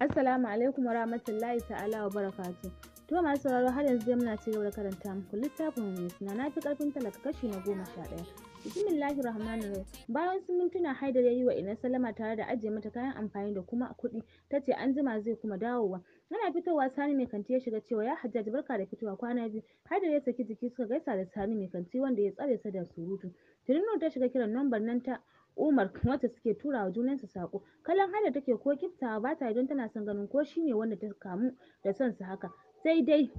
Assalamu alaikum wa rahmatullahi ta'ala wa barakatu. To ma sauraro har yanzu zai muna cigaba da karanta muku littafin mai suna na fi karfin talaka kashi na goma sha ɗaya. Bismillahir Rahmanir Rahim. Bayan sun mintuna Haidar ya yi wa Ina Salama tare da ajiye mata kayan amfani da kuma kuɗi, ta ce an jima zai kuma dawowa. Ana fitowa Sani mai kanti ya shiga cewa ya Hajjaj barka da fitowa kwana biyu. Haidar ya saki jiki suka gaisa da Sani mai kanti wanda ya tsare sa da surutu. Tirino ta shiga kiran nambar nan ta Umar, wacce suke tura wa junansu saƙo kallon Hana take ko kiftawa ba ta don tana son ganin ko shine wanda ta kamu da son su haka sai dai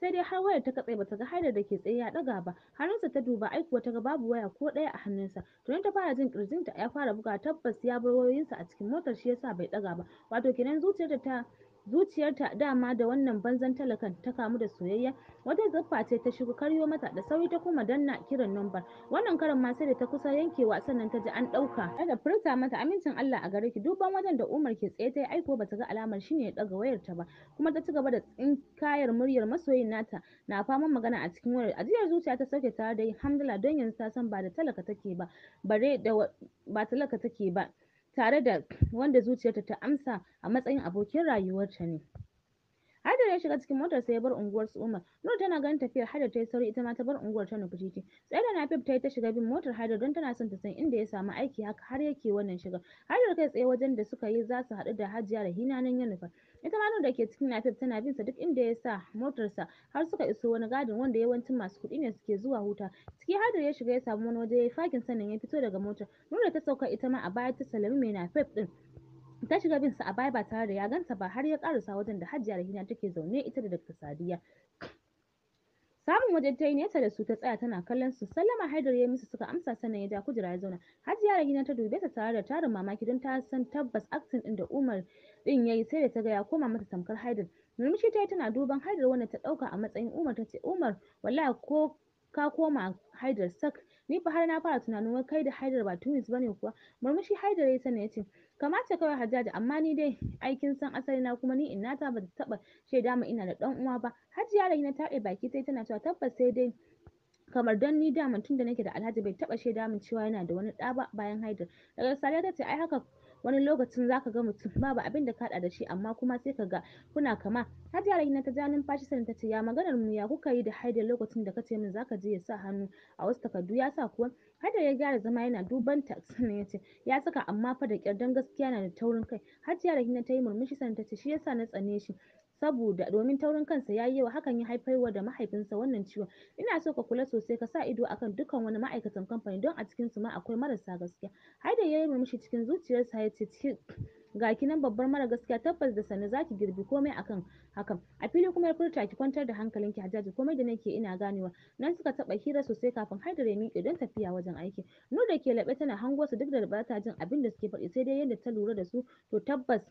sai dai har wayar ta katse bata ga haidar da ke tsaye ya daga ba hannunsa ta duba ai kuwa ta ga babu waya ko ɗaya a hannunsa tunan ta fara jin kirjinta ya fara buga tabbas ya bar wayoyinsa a cikin motar shi yasa bai daga ba wato kenan zuciyarta ta zuciyarta dama da wannan banzan talakan ta kamu da soyayya wata zuffa ce ta shigo karyo mata da sauri ta kuma danna kiran number wannan karan ma sai da ta kusa yankewa sannan ta ji an ɗauka da furta mata amincin Allah a gare ki duban wajen da Umar ke tsaye ta aiko bata ga alamar shine ya daga wayar ta ba kuma ta ci gaba da tsinkayar muryar masoyin nata na fama magana a cikin wayar ajiyar zuciya ta sauke tare da alhamdulillah don yanzu ta san ba da talaka take ba bare da ba talaka take ba tare da wanda zuciyarta ta amsa a matsayin abokin rayuwarta ne. Hajar ya shiga cikin motar sai ya bar unguwar su Umar. Nur tana ganin tafiyar Hajar ta yi sauri ita ma ta bar unguwar ta nufi titi. Tsaye da Nafif ta yi ta shiga bin motar Hajar don tana son ta san inda ya samu aiki haka har yake wannan shiga. Hajar kai tsaye wajen da suka yi za su haɗu da Hajiya da Hina nan Yanufa. Ita ma Nur da ke cikin Nafif tana bin sa duk inda ya sa motarsa har suka iso wani gadin wanda yawancin masu kuɗi ne suke zuwa huta. Ciki Hajar ya shiga ya samu wani waje ya yi fakin sannan ya fito daga motar. Nur da ta sauka ita ma a baya ta salami mai Nafif ɗin. ta shiga bin sa a baya ba tare da ya ganta ba har ya karasa wajen da Hajiya Rahina take zaune ita da Dr. Sadiya. Samun waje ta yi nesa da su ta tsaya tana kallon su sallama Haidar ya musu suka amsa sannan ya ja kujera ya zauna. Hajiya Rahina ta dube ta tare da tarin mamaki don ta san tabbas aktin din da Umar din yayi sai da ta ga ya koma mata tamkar Haidar. Murmushi ta yi tana duban Haidar wanda ta dauka a matsayin Umar ta ce Umar wallahi ko ka koma Haidar sak Ni fa har na fara tunanin wai kai da Haidar ba twins bane kuwa. Murmushi Haidar ya sanya ya ce kamata kawai Hajjaji amma ni dai aikin san asali na kuma ni ina ta bata taba shaida ma ina da dan uwa ba. Hajiya da ina ɗe baki sai tana cewa tabbas sai dai kamar don ni daman tun da nake da Alhaji bai taba shaida dama cewa yana da wani ɗa ba bayan Haidar. Daga saliya ta ce ai haka wani lokacin zaka ga mutum babu abin da ka da shi amma kuma sai ka ga kuna kama Hajiya na ta ja numfashi sannan ta ce ya maganar mu ya kuka yi da haida lokacin da ka ce min zaka je ya sa hannu a wasu takardu ya sa kuwa Haidar ya gyara zama yana duban ta sannan ya ce ya saka amma fa da kyar dan gaskiya na da taurin kai Hajiya na ta yi murmushi sannan ta ce shi yasa na tsane shi saboda domin taurin kansa yayi yawa hakan ya haifarwa da mahaifinsa wannan ciwon ina so ka kula sosai ka sa ido akan dukkan wani ma'aikatan kamfani don a cikin su ma akwai marasa gaskiya da ya yi murmushi cikin zuciyarsa ya ce ga ki nan babbar mara gaskiya tabbas da za zaki girbi komai akan hakan a fili kuma ya furta ki kwantar da hankalinki Hajjaji komai da nake ina ganewa nan suka taba hira sosai kafin har da ya miƙe don tafiya wajen aiki Nur da ke laɓe tana hango su duk da ba ta jin abin da suke faɗi sai dai yadda ta lura da su to tabbas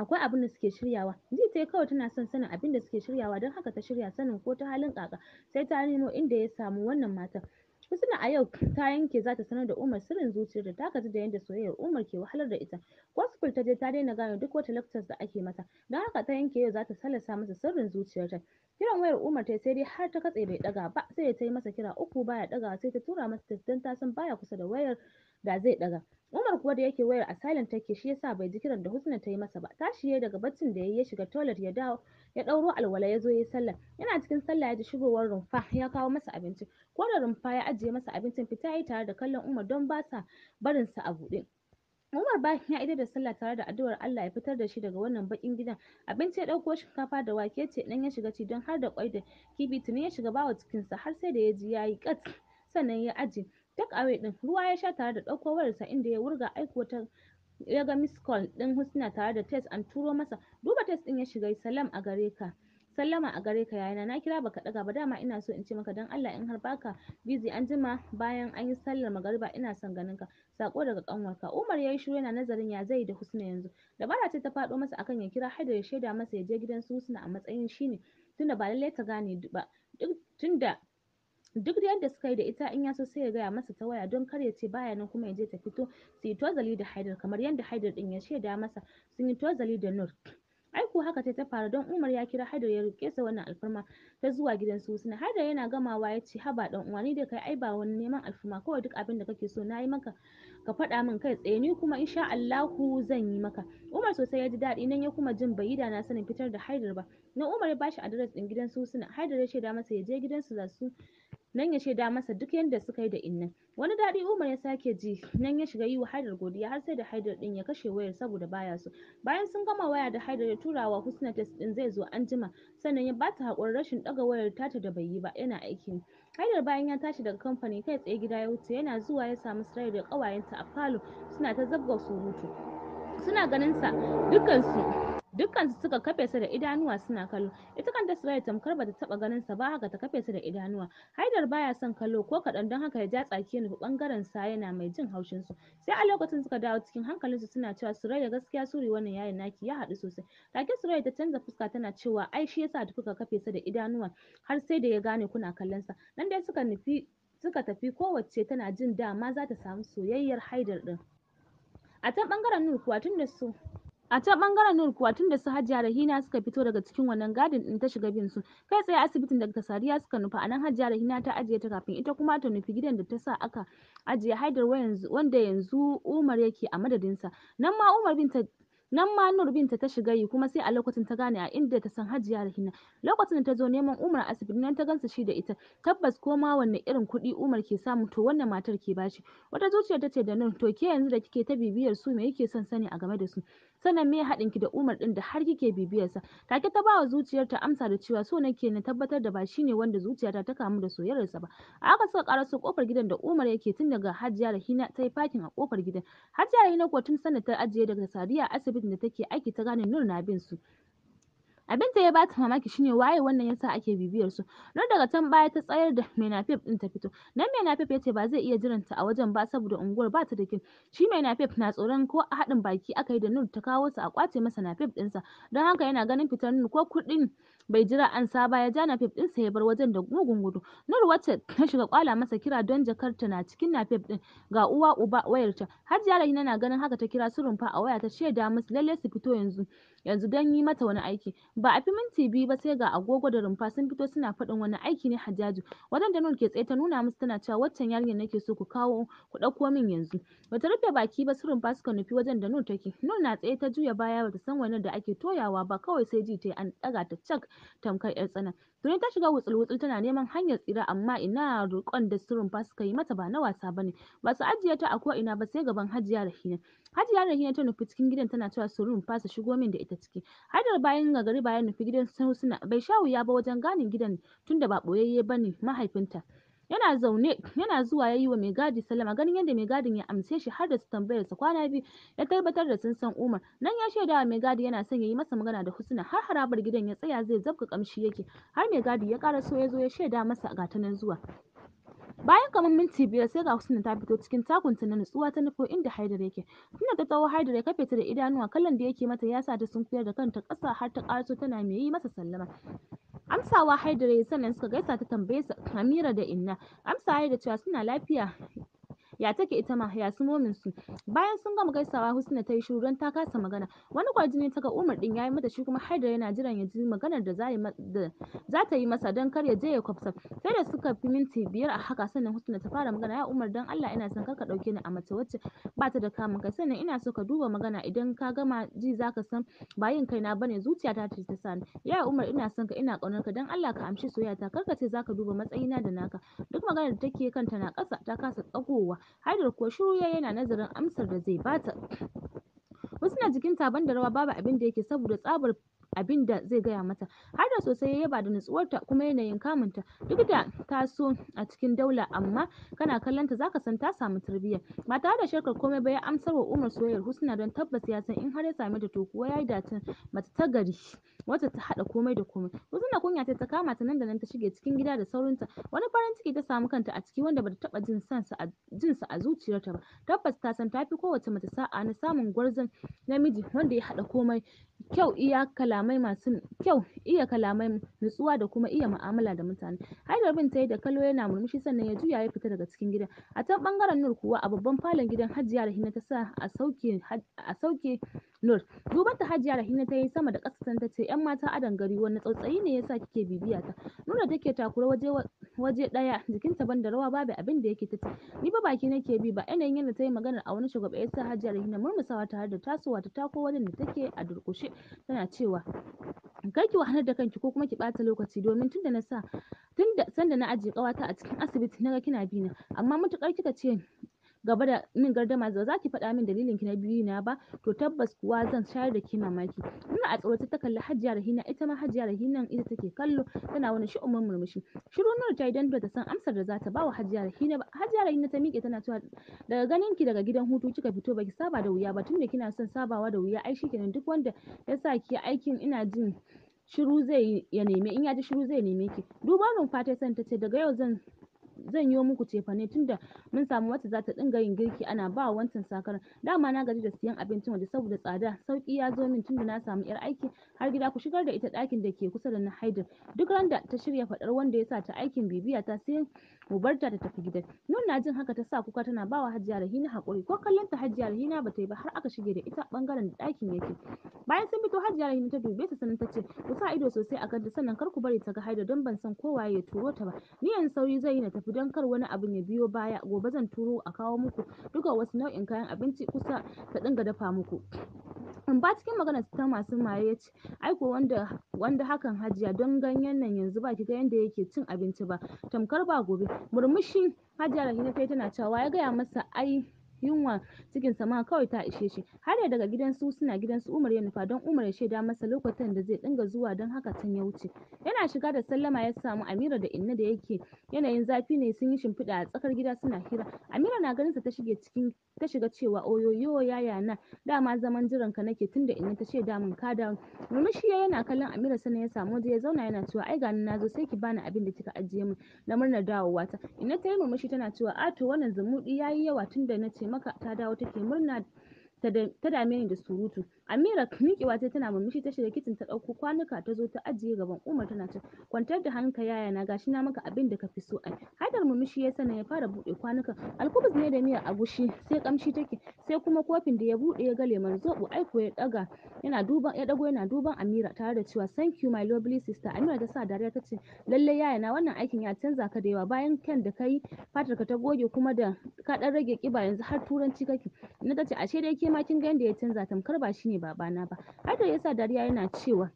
akwai abin da suke shiryawa ji ta kawai tana son sanin abin da suke shiryawa don haka ta shirya sanin ko ta halin kaka sai ta nemo inda ya samu wannan matan Husna a yau ta yanke za ta sanar da Umar sirrin zuciyar da ta gaji da yadda soyayyar Umar ke wahalar da ita. Ko ta je ta daina gane duk wata lectures da ake mata. Don haka ta yanke yau za ta sallasa masa sirrin zuciyarta. Kiran wayar Umar ta sai dai har ta katse bai daga ba sai ta yi masa kira uku baya daga sai ta tura masa don ta san baya kusa da wayar da zai ɗaga Umar kuwa da yake wayar a silent take shi yasa bai ji kiran da Husna ta yi masa ba. Ta ya daga baccin da yayi ya shiga toilet ya dawo ya ɗauro alwala ya zo ya sallah. Yana cikin sallah ya ji shigowar rumfa ya kawo masa abinci. Ko da rumfa ya ajiye masa abincin fita yi tare da kallon Umar don ba sa barin sa a buɗe. Umar bayan ya ida da sallah tare da addu'ar Allah ya fitar da shi daga wannan bakin gidan. Abinci ya ɗauko shinkafa da wake ce dan ya shiga ci don har da kwai da kibi tuni ya shiga bawa cikinsa har sai da ya ji yayi kat sannan ya ajiye Take away din, ruwa ya sha tare da ɗauko wayarsa inda ya wurga aiko ta ya ga miss call ɗin Husna tare da test an turo masa. Duba test ɗin ya shiga salam a gare ka. Sallama a gare ka yayana na kira baka ɗaga ba dama ina so in ce maka dan Allah in har baka busy an jima bayan an yi sallar magariba ina son ganin ka. Sako daga kanwarka. Umar yayi shiru yana nazarin ya zai da Husna yanzu. Dabara ce ta faɗo masa akan ya kira Haidar ya shaida masa ya je gidan su Husna a matsayin shine tunda ba lallai ta gane ba. Tunda duk da yadda suka yi da ita in ya so sai ya gaya masa ta waya don kar ya ce baya nan kuma ya je ta fito su yi tozali da haidar kamar yadda haidar din ya shaida masa sun yi tozali da nur ko haka ta ta fara don umar ya kira haidar ya rike sa wannan alfarma ta zuwa gidan su suna haidar yana gamawa ya ce haba dan uwa ni da kai ai ba wani neman alfarma kawai duk abin da kake so na yi maka ka faɗa min kai tsaye ni kuma insha Allahu zan yi maka umar sosai ya ji daɗi nan ya kuma jin bai yi da na sanin fitar da haidar ba na umar ya bashi adres din gidan su suna haidar ya shaida masa ya je gidan su za su nan ya shaida masa duk yadda suka yi da innan wani daɗi Umar ya sake ji nan ya shiga yi wa Haidar godiya har sai da Haidar ɗin ya kashe wayar saboda baya so bayan sun gama waya da Haidar ya tura wa Husna test ɗin zai zo anjima sannan ya bata haƙurin rashin ɗaga wayar tata da bai yi ba yana aiki ne. Haidar bayan ya tashi daga kamfani kai tsaye gida ya wuce yana zuwa ya samu Sarayar da ƙawayenta a falo suna ta zabga surutu suna ganin sa dukansu. dukkansu suka kafe su da idanuwa suna kallo ita kanta Suraya tamkar bata taba ganin sa ba haka ta kafe su da idanuwa Haidar baya son kallo ko kadan don haka ya ja tsaki ne nufi bangaren sa yana mai jin haushin su sai a lokacin suka dawo cikin hankalin su suna cewa Suraya gaskiya suri wannan yayin naki ya haɗu sosai take Suraya ta canza fuska tana cewa ai shi yasa da kuka kafe su da idanuwa har sai da ya gane kuna kallon sa nan dai suka nufi suka tafi kowacce tana jin dama za ta samu soyayyar Haidar din a can bangaren Nur kuwa tunda su A can bangaren Nur kuwa tun da su Hajiya Rahina suka fito daga cikin wannan gadin din ta shiga bin su, kai tsaye asibitin ta Sadiya suka nufa a nan Hajiya Rahina ta ajiye ta kafin ita kuma ta nufi gidan da ta sa aka ajiye Haidar wanda yanzu Umar yake a madadinsa. Nan ma Umar bin ta nan ma Nur binta ta shiga yi kuma sai a lokacin ta gane a inda ta san Hajiya Rahina lokacin da ta zo neman Umar asibiti nan ta gansa shi da ita tabbas ko ma wanne irin kuɗi Umar ke samu to wannan matar ke bashi wata zuciya ta ce da Nur to ke yanzu da kike ta bibiyar su me yake son sani a game da su sannan me haɗin ki da Umar ɗin da har kike bibiyar sa take ta bawa zuciyar ta amsa da cewa so nake na tabbatar da ba shine wanda zuciyarta ta kamu da soyayyar ba a haka suka karaso kofar gidan da Umar yake tun daga Hajiya Rahina ta yi fakin a kofar gidan Hajiya Rahina ko tun ta ajiye daga Sadiya asibitin da take aiki ta gane Nur na bin su Abin da ya bata mamaki shine waye wannan yasa ake bibiyar su. Don daga can baya ta tsayar da Menafef din ta fito. nan Menafef yace ba zai iya jiran ta a wajen ba saboda unguwar ba ta da kyau. Shi Menafef na tsoron ko a haɗin baki aka yi da Nur ta kawo su a kwace masa Nafef ɗinsa. Don haka yana ganin fitar Nur ko kuɗin bai jira an saba ya ja fef ɗinsa ya bar wajen da mugun gudu nur wacce ta shiga kwala masa kira don jakar ta na cikin nafef ɗin ga uwa uba wayarta har yi na ganin haka ta kira su rumfa a waya ta shaida musu lalle su fito yanzu yanzu don yi mata wani aiki ba a fi minti biyu ba sai ga agogo da rumfa sun fito suna faɗin wani aiki ne hajjaju wajen da nur ke tsaye ta nuna musu tana cewa waccan yarinyar nake so ku kawo ku ɗauko min yanzu bata rufe baki ba su rumfa suka nufi wajen da nur take Nur na tsaye ta juya baya bata san wani da ake toyawa ba kawai sai ji ta an ɗaga ta cak tamkar 'yar tsana. Green ta shiga wutsul-wutsul tana neman hanyar tsira amma ina roƙon da su rumfa suka yi mata ba na wasa bane ne. Ba su ajiye ta a ina ba sai gaban Hajiya Rahina. Hajiya Rahina ta nufi cikin gidan tana cewa su rumfa su shigo min da ita ciki. Haidar bayan gari bayan nufi gidan su suna. bai sha wuya ba wajen ganin gidan tunda ba boyayye bane mahaifinta. yana zaune yana zuwa yayi wa mai gadi sallama ganin yadda mai gadin ya amshe shi har da su tambayar sa kwana biyu ya tabbatar da sun san Umar nan ya shaida wa mai gadi yana son yayi masa magana da Husna har harabar gidan ya tsaya zai zabga kamshi yake har mai gadi ya so ya zo ya shaida masa gatanan zuwa Bayan kamar minti biyar sai ga Husna ta fito cikin takunta na nutsuwa ta nufo inda Haidar yake. Tunda ta tsawo Haidar ya kafe ta da idanuwa kallon da yake mata ya sa ta sunkuyar da kanta ƙasa har ta ƙaraso tana mai yi masa sallama. Amsawa Haidar ya sannan suka gaisa ta tambaye hamira Amira da Inna. amsa ya cewa suna lafiya. ya take ita ma ya su momin su bayan sun gama gaisawa husna ta yi shiru don ta kasa magana wani ne ta ga umar din ya yayi mata shi kuma har yana jiran ya ji maganar da za ta yi masa don kar ya je ya kwafsa sai da suka fi minti biyar a haka sannan husna ta fara magana ya umar don allah ina son karka dauke ni a mace wacce ba ta da kama kai sannan ina so ka duba magana idan ka gama ji zaka san ba yin kaina bane zuciyata ce ta sani ya umar ina son ka ina kaunar ka don allah ka amshi soyayya ta karka ce zaka duba matsayina da naka duk maganar da take kanta na kasa ta kasa tsagowa Haidar kuwa shiru ya yana nazarin amsar da zai bata ta. Wasu na jikin taban da rawa babu abin da yake saboda tsabar abin da zai gaya mata har da sosai ya yaba da nutsuwarta kuma yanayin kamunta duk da ta so a cikin daula amma kana kallonta zaka san ta samu tarbiyya mata tare da shakar komai ba ya amsar wa Umar soyayyar Husna don tabbas ya san in har ya same ta to kuwa yayi dacin mace ta gari wacce ta haɗa komai da komai Husna kunya ta kama ta nan da nan ta shige cikin gida da saurinta wani farin ciki ta samu kanta a ciki wanda bata taba jin sansa a sa a zuciyarta ba tabbas ta san tafi kowace mace sa'a na samun gwarzon namiji wanda ya haɗa komai kyau iya kala kalamai masu kyau, iya kalamai, nutsuwa da kuma iya mu'amala da mutane. Haidar bin ta da kallo yana murmushi sannan ya juya ya fita daga cikin gidan. A can bangaren Nur kuwa a babban falon gidan Hajiya Rahina ta sa a sauke a sauke Nur. Duban ta Hajiya Rahina ta yi sama da ƙasa ta ce ‘yan mata adon gari wani tsautsayi ne yasa kike bibiya ta. Nuna take takura waje waje ɗaya jikinta banda rawa babu abin da yake tafi. Ni ba baki nake bi ba yanayin yadda ta yi magana a wani shugaba yasa Hajiya Rahina murmusawa tare da tasowa ta tako wajen da take a durƙushe tana cewa kar ki wahalar da kanki ko kuma ki ɓata lokaci domin da na sa sanda na ajiye ƙawata a cikin asibiti na ga kina bina amma matuƙar kika ce gaba da min gardama ba za ki faɗa min dalilin ki na biyu na ba to tabbas kuwa zan shayar da ki mamaki ina a tsawace ta kalli hajiya rahina ita ma hajiya rahinan ita take kallo tana wani shi'umin murmushi shiru nur ta yi dan ta san amsar da za ta ba wa hajiya rahina ba hajiya rahina ta miƙe tana cewa daga ganin ki daga gidan hutu kika fito ki saba da wuya ba tunda kina son sabawa da wuya ai shikenan duk wanda ya sa ki aikin ina jin shiru zai ya neme in ya ji shiru zai neme ki duba numfa ta san ta ce daga yau zan zan yi muku cefane tunda mun samu wata za ta dinga yin girki ana ba wancan sakaran dama na gaji da siyan abincin waje saboda tsada sauki ya zo min tunda na samu yar aiki har gida ku shigar da ita ɗakin da ke kusa da na haidar duk randa ta shirya faɗar wanda ya sa ta aikin bibiya ta sai mu barta ta tafi gida nun na jin haka ta sa kuka tana bawa hajiya rahina haƙuri ko kallon ta hajiya rahina ba ta yi ba har aka shige da ita bangaren da ɗakin yake bayan sun fito hajiya rahina ta dube ta sannan ta ce ku sa ido sosai a kanta sannan kar ku bari ta ga haidar don ban san kowa ya turo ta ba ni yanzu sauri zai yi na tafi ku don kar wani abin ya biyo baya. Gobe zan turo a kawo muku duka wasu nau'in kayan abinci kusa ta dinga dafa muku. in ba cikin maganar ta masu maye ya ce, "Ai ko wanda, wanda hakan hajiya don ganyen nan yanzu ba ki ga yanda yake cin abinci ba, tamkar ba gobe." Murmushi Hajiya da ta yi tana cewa ya gaya masa ai." yunwa cikinsa ma kawai ta ishe shi har da daga su suna gidan su Umar ya nufa don Umar ya shaida masa lokacin da zai dinga zuwa don haka can ya wuce yana shiga da sallama ya samu Amira da Inna da yake yanayin zafi ne sun yi shimfiɗa a tsakar gida suna hira Amira na ganin sa ta shige cikin ta shiga cewa oyoyo yaya na dama zaman jiran ka nake tunda Inna ta shaida min ka da murmushi yana kallon Amira sana ya samu je ya zauna yana cewa ai gani na zo sai ki bani abin da kika ajiye min na murnar dawowa ta Inna ta yi murmushi tana cewa a to wannan zamudi yayi yawa tunda na ce maka ta dawo take murna ta dame ni da surutu Amira miƙewa tayi tana murmushi ta shiga kicin ta ɗauko kwanuka ta zo ta ajiye gaban Umar tana cewa kwantar da yaya yayana gashi na maka abin da ka fi so ai. Haidar murmushi yayi sannan ya fara buɗe kwanukan. Alkubus ne da miyar agushi sai kamshi take sai kuma kofin da ya buɗe ya ga lemon zoɓo ai kuwa ya ɗaga yana duban ya ɗago yana duban Amira tare da cewa thank you my lovely sister. Amira ta sa dariya ta ce yaya na wannan aikin ya canza ka da yawa bayan kyan da kayi ka ta goge kuma da ka ɗan rage ƙiba yanzu har turanci kake. na ta ce ashe dai ke ma kin ga yanda ya canza tamkar ba shi ne babana ba hakan yasa dariya yana cewa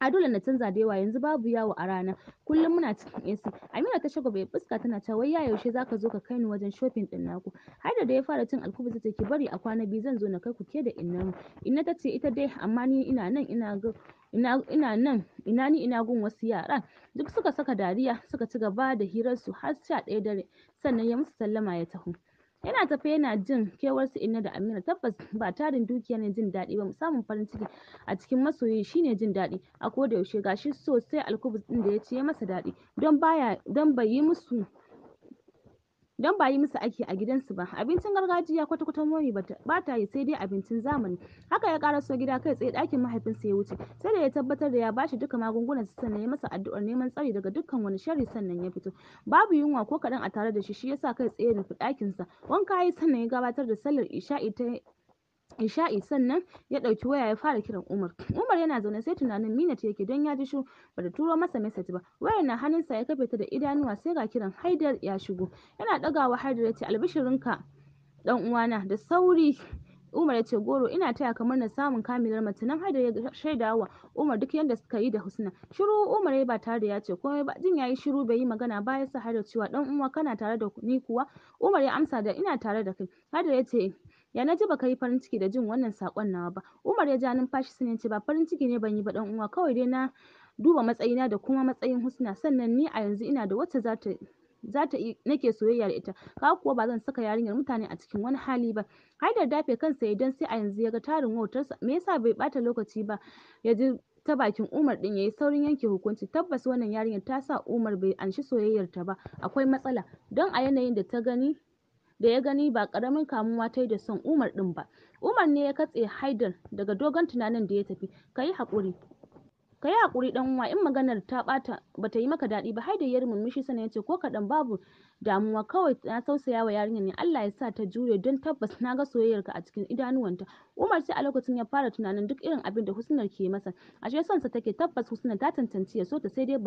a dole na canza da yawa yanzu babu yawo a rana kullum muna cikin AC Amira ta shagwabe fuska tana cewa wai ya yaushe zaka zo ka kai ni wajen shopping din naku har da ya fara cin alkubu ta ki bari a kwana biyu zan zo na kai ku ke da inna inna ta ce ita dai amma ni ina nan ina ga ina ina nan ina ni ina gun wasu yara duk suka saka dariya suka ci gaba da hirarsu har sha ɗaya dare sannan ya musu sallama ya taho Yana tafe yana jin kewar su Inna da amina tabbas ba tarin dukiya ne jin daɗi ba samun farin ciki a cikin masoyi shine jin daɗi a koda yaushe gashi sosai sai alkubus ɗin da ya ci ya masa daɗi don bai yi musu don ba yi musu aiki a gidansu ba abincin gargajiya kwata-kwata mori ba ta yi sai dai abincin zamani haka ya so gida kai tsaye ɗakin mahaifinsa ya wuce sai da ya tabbatar da ya bashi duka magungunan su sannan ya masa addu'ar neman tsari daga dukkan wani shari sannan ya fito babu yunwa ko kaɗan a tare da shi shi yasa kai tsaye nufi ɗakinsa wanka ya sannan ya gabatar da sallar isha'i ta Isha'i sannan ya ɗauki waya ya fara kiran Umar. Umar yana zaune sai tunanin Mina ce yake don ya ji shiru ba da turo masa message ba. Wayar na hannunsa ya kafe ta da idanuwa sai ga kiran Haidar ya shigo. Yana ɗagawa Haidar ya ce albishirinka ɗan uwana da sauri Umar ya ce goro ina taya kamar na samun kamilar mace nan Haidar ya shaida wa Umar duk yadda suka yi da Husna. Shiru Umar ya ba tare da ya ce komai ba jin yayi shiru bai yi magana ba ya sa Haidar cewa dan uwa kana tare da ni kuwa Umar ya amsa da ina tare da kai. Haidar ya ce ya na ji ba ka yi farin ciki da jin wannan sakon nawa ba Umar ya ja numfashi ya ce ba farin ciki ne ban yi ba dan uwa kawai dai na duba matsayina da kuma matsayin Husna sannan ni a yanzu ina da wacce za ta za ta nake soyayya da ita ka kuwa ba zan saka yarinyar mutane a cikin wani hali ba haidar dafe kansa idan sai a yanzu ya ga tarin wautarsa me yasa bai bata lokaci ba ya ji ta bakin Umar din yayi saurin yanke hukunci tabbas wannan yarinyar ta sa Umar bai anshi soyayyar ta ba akwai matsala don a yanayin da ta gani da ya gani ba karamin kamuwa ta yi da son Umar din ba. Umar ne ya katse Haidar daga dogon tunanin da ya tafi, ka yi haƙuri. Ka yi haƙuri ɗan uwa in maganar ta ɓata ba ta yi maka daɗi ba Haidar ya murmushi sannan ya ce ko kaɗan babu damuwa kawai na tausaya wa yarinyar ne Allah ya sa ta jure don tabbas na ga soyayyarka a cikin idanuwanta Umar sai a lokacin ya fara tunanin duk irin abin da Husnar ke masa ashe son sa take tabbas Husna ta tantance ya so ta sai dai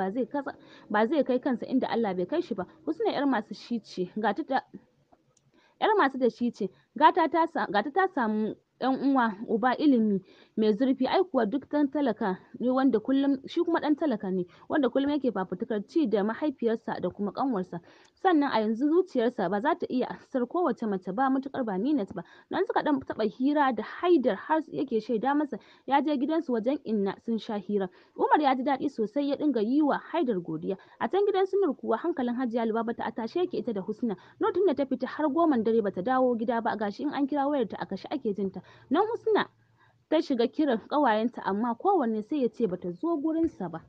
ba zai kai kansa inda Allah bai kai shi ba Husna yar masu shi ce ga ta 'yar masu shi ce gata ta samu Ɗan uwa uba ilimi mai zurfi ai kuwa duk dan talaka ne wanda kullum shi kuma dan talaka ne wanda kullum yake fafutukar ci da mahaifiyarsa da kuma kanwarsa sannan a yanzu zuciyarsa ba za ta iya asar kowace mace ba matukar ba Ninat ba nan suka dan taba hira da Haidar har yake shaida masa ya je gidansu wajen Inna sun sha hira Umar ya ji daɗi sosai ya dinga yi wa Haidar godiya a can gidan su Nur kuwa hankalin Hajiya Lubaba ta atashe yake ita da Husna notin da ta fita har goman dare bata dawo gida ba gashi in an kira wayar ta a kashi ake jinta Na Husna ta shiga kiran ƙawayenta amma kowanne sai ya ce ba zo gurinsa ba.